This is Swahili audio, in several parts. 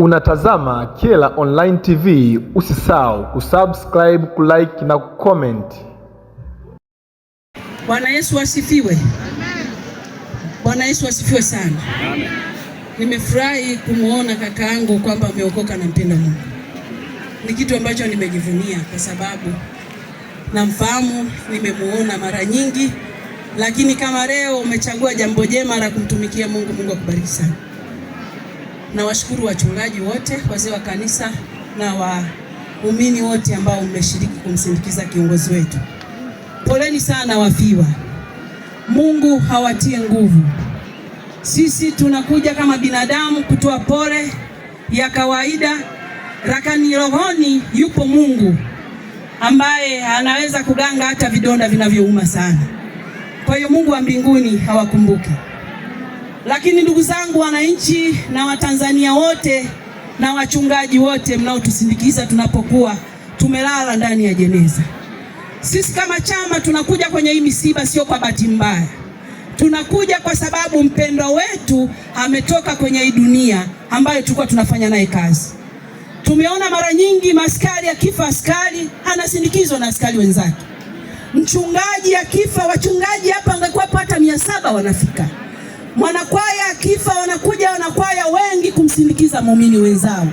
Unatazama Kyela Online TV, usisahau kusubscribe, kulike na kucomment. Bwana Yesu asifiwe. Bwana Yesu asifiwe sana. Nimefurahi kumwona kaka yangu kwamba ameokoka na mpenda Mungu, ni kitu ambacho nimejivunia kwa sababu namfahamu, nimemuona mara nyingi, lakini kama leo umechagua jambo jema la kumtumikia Mungu, Mungu akubariki sana na washukuru wachungaji wote, wazee wa kanisa na waumini wote ambao mmeshiriki kumsindikiza kiongozi wetu. Poleni sana wafiwa, Mungu hawatie nguvu. Sisi tunakuja kama binadamu kutoa pole ya kawaida, lakini rohoni yupo Mungu ambaye anaweza kuganga hata vidonda vinavyouma sana. Kwa hiyo Mungu wa mbinguni hawakumbuki. Lakini ndugu zangu wananchi na Watanzania wote na wachungaji wote mnaotusindikiza tunapokuwa tumelala ndani ya jeneza, sisi kama chama tunakuja kwenye hii misiba sio kwa bahati mbaya, tunakuja kwa sababu mpendwa wetu ametoka kwenye hii dunia ambayo tulikuwa tunafanya naye kazi. Tumeona mara nyingi maskari akifa, askari anasindikizwa na askari wenzake. Mchungaji akifa, wachungaji hapa angekuwa hata mia saba wanafika. Mwanakwaya akifa wanakuja wanakwaya wengi kumsindikiza muumini wenzao,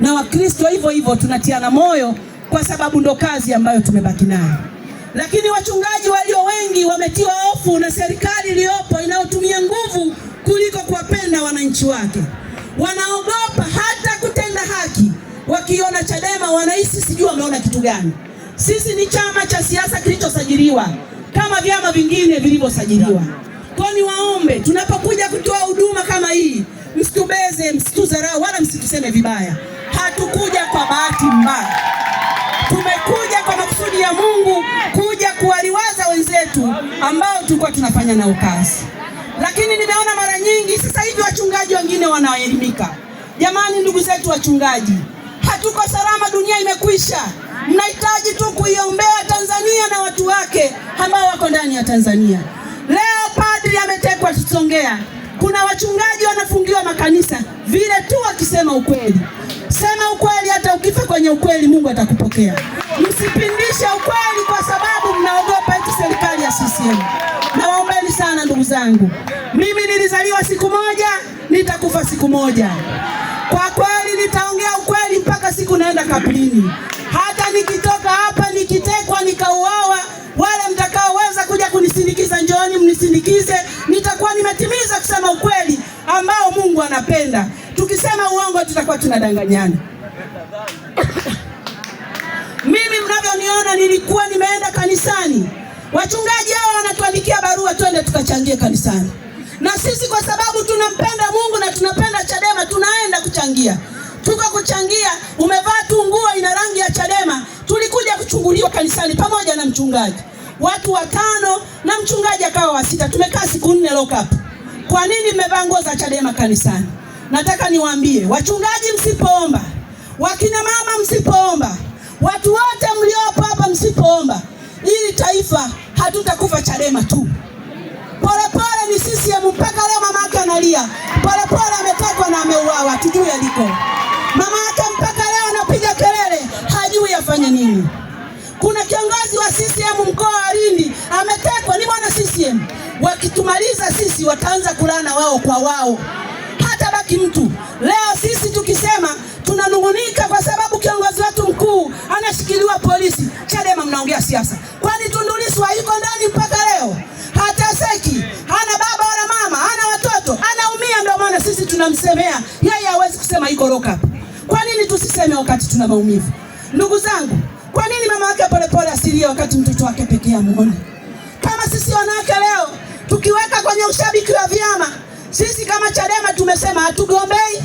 na Wakristo hivyo hivyo tunatiana moyo, kwa sababu ndo kazi ambayo tumebaki nayo. Lakini wachungaji walio wengi wametiwa hofu na serikali iliyopo inayotumia nguvu kuliko kuwapenda wananchi wake. Wanaogopa hata kutenda haki, wakiona CHADEMA wanahisi sijui wameona kitu gani. Sisi ni chama cha siasa kilichosajiliwa kama vyama vingine vilivyosajiliwa. Kwa waombe tunapokuja kutoa huduma kama hii, msitubeze, msitudharau wala msituseme vibaya. Hatukuja kwa bahati mbaya, tumekuja kwa makusudi ya Mungu kuja kuwaliwaza wenzetu ambao tulikuwa tunafanya nao kazi, lakini nimeona mara nyingi sasa hivi wachungaji wengine wanaelimika. Jamani, ndugu zetu wachungaji, hatuko salama, dunia imekwisha. Mnahitaji tu kuiombea Tanzania na watu wake ambao wako ndani ya Tanzania padri ametekwa Songea, kuna wachungaji wanafungiwa makanisa vile tu wakisema ukweli. Sema ukweli, hata ukifa kwenye ukweli Mungu atakupokea. Msipindishe ukweli kwa sababu mnaogopa eti serikali ya CCM. Nawaombeni sana ndugu zangu, mimi nilizaliwa siku moja, nitakufa siku moja. Kwa kweli nitaongea ukweli mpaka siku naenda kaburini, hata nikito nisindikize, nitakuwa nimetimiza kusema ukweli ambao Mungu anapenda. Tukisema uongo tutakuwa tunadanganyana. Mimi mnavyoniona, nilikuwa nimeenda kanisani, wachungaji hao wanatuandikia barua, twende tukachangie kanisani. Na sisi kwa sababu tunampenda Mungu na tunapenda Chadema, tunaenda kuchangia. kuchangia umevaa tu nguo ina rangi ya Chadema, tulikuja kuchunguliwa kanisani pamoja na mchungaji watu watano na mchungaji akawa wa sita. Tumekaa siku nne lock up. Kwa nini mmevaa nguo za Chadema kanisani? Nataka niwaambie wachungaji, msipoomba, wakina mama msipoomba, watu wote mliopo hapa msipoomba, ili taifa hatutakufa Chadema tu. Polepole ni ya mpaka leo mama yake analia. Polepole ametekwa na ameuawa, tujue aliko mama yake, mpaka leo anapiga kelele, hajui afanye nini kiongozi wa CCM mkoa wa Lindi ametekwa, ni mwana CCM. Wakitumaliza sisi, wataanza kulana wao kwa wao, hata baki mtu. Leo sisi tukisema tunanungunika kwa sababu kiongozi wetu mkuu anashikiliwa polisi. Chadema mnaongea siasa, kwani Tundu Lissu hayuko ndani mpaka leo? Hateseki, hana baba wala mama, hana watoto, anaumia. Ndio maana sisi tunamsemea yeye, hawezi kusema iko lock Kwa nini tusiseme wakati tuna maumivu? Ndugu zangu kwa nini mama wake Polepole asilie wakati mtoto wake pekee amuone? Kama sisi wanawake leo tukiweka kwenye ushabiki wa vyama, sisi kama Chadema tumesema hatugombei,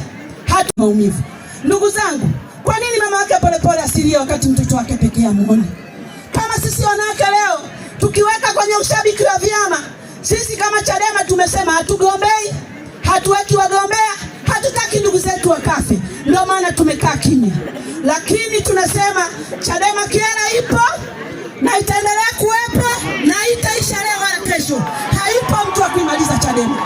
hatu maumivu. Ndugu zangu, kwa nini mama wake Polepole asilie wakati mtoto wake pekee amuone? Kama sisi wanawake leo tukiweka kwenye ushabiki wa vyama, sisi kama Chadema tumesema hatugombei, hatuweki wagombea, hatutaki ndugu zetu wakafe. Ndio maana tumekaa kimya lakini tunasema Chadema Kyela ipo na itaendelea kuwepo na itaisha leo wala kesho, haipo mtu akimaliza Chadema.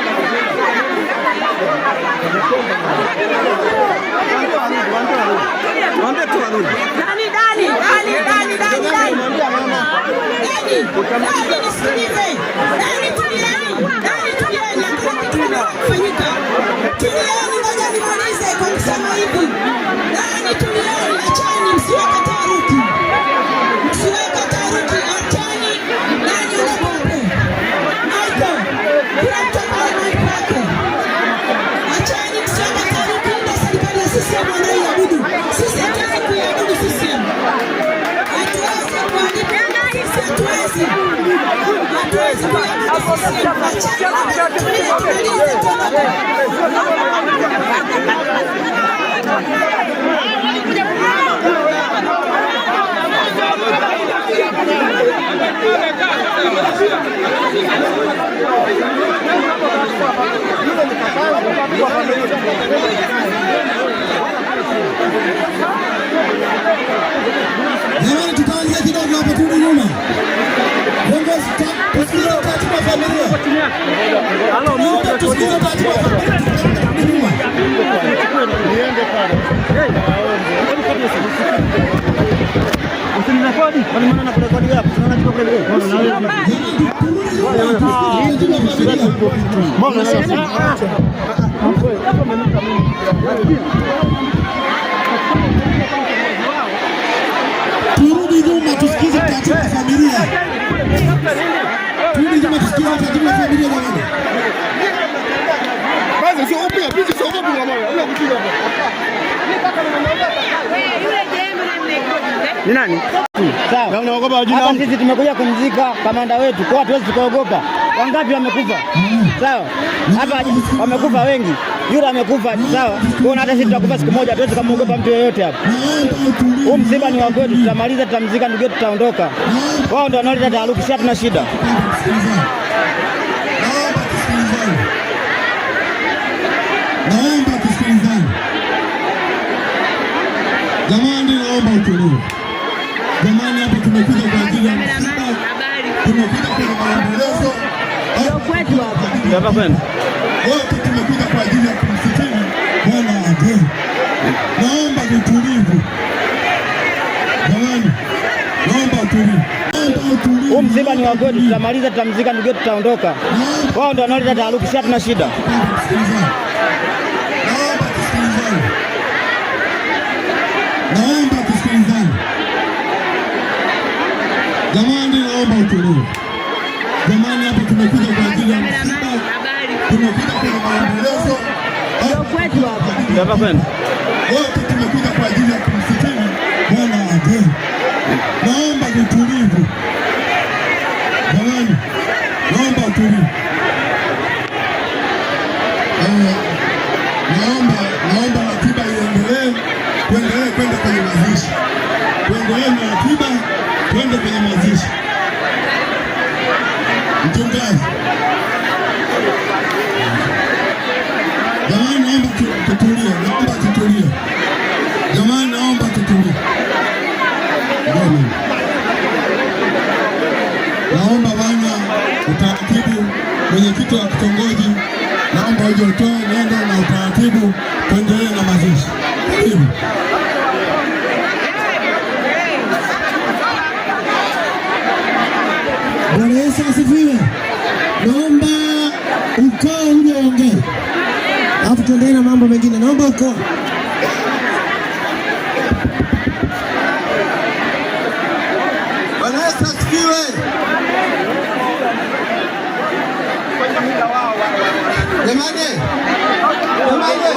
Tulieni ngoja nimalize kwa kusema hivi. Nani tu Jamani, tutaanza kidogo hapo, turudi nyuma. tusikize utaratibu wa familia, naomba tusikize utaratibu wa Turudi nyuma tusikize utaratibu wa familia. Ni nani? Hapa sisi tumekuja kumzika kamanda wetu, kwa hatuwezi tukaogopa. Wangapi wamekufa? Sawa, hapa wamekufa wengi, yule amekufa sawa. Kwa hata sisi tutakufa siku moja, hatuwezi kumuogopa mtu yeyote hapa. Huu msiba ni wa kwetu, tutamaliza, tutamzika ndugu tutaondoka wao ndio wanaleta taharuki, sasa tuna shida. Naomba tusikilizane jamani, naomba utulivu jamani. Hapa tumekuja kwa ajili ya msiba, tumekuja kwenye maombolezo wote, tumekuja kwa ajili ya Bwana. Naomba huu msiba ni wagodi, tutamaliza, tutamzika ndugu yetu, tutaondoka. Wao ndio wanaleta taharuki, sisi hatuna shida. Naomba tusikilizane jamani, naomba utulivu jamani. Hapa tumekuja kwa ajili ya msiba, tumekuja maombolezo Jamani, naomba tuli, eh, naomba naomba ratiba iendelee kuendelee kwenda kwenye mazishi, kuendelee na ratiba kwenda kwenye mazishi. Mchungaji, jamani, naomba tutulie, naomba tutulie, jamani, naomba tutulie. Naomba bwana, utaratibu mwenyekiti wa kitongoji, naomba uje utoe nenda na utaratibu, tuendelee na mazishi. Karibu. Bwana Yesu asifiwe. Naomba ukoo uje uongee, alafu tuendelee na mambo mengine. Naomba ukoo Demande. Demande.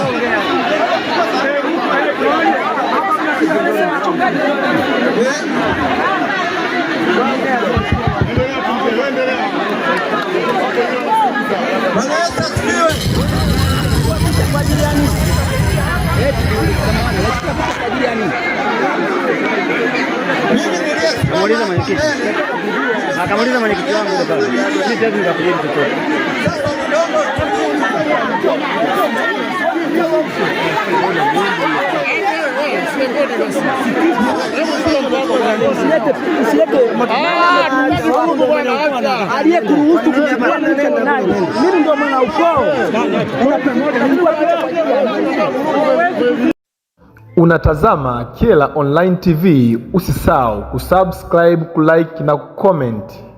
Mimi ni akamuuliza mwenyekiti wangu ah, aliyekuruhusu kuchukua picha Mimi ndio mwana ukoo. Unatazama Kyela Online TV, usisahau kusubscribe, kulike na kucomment.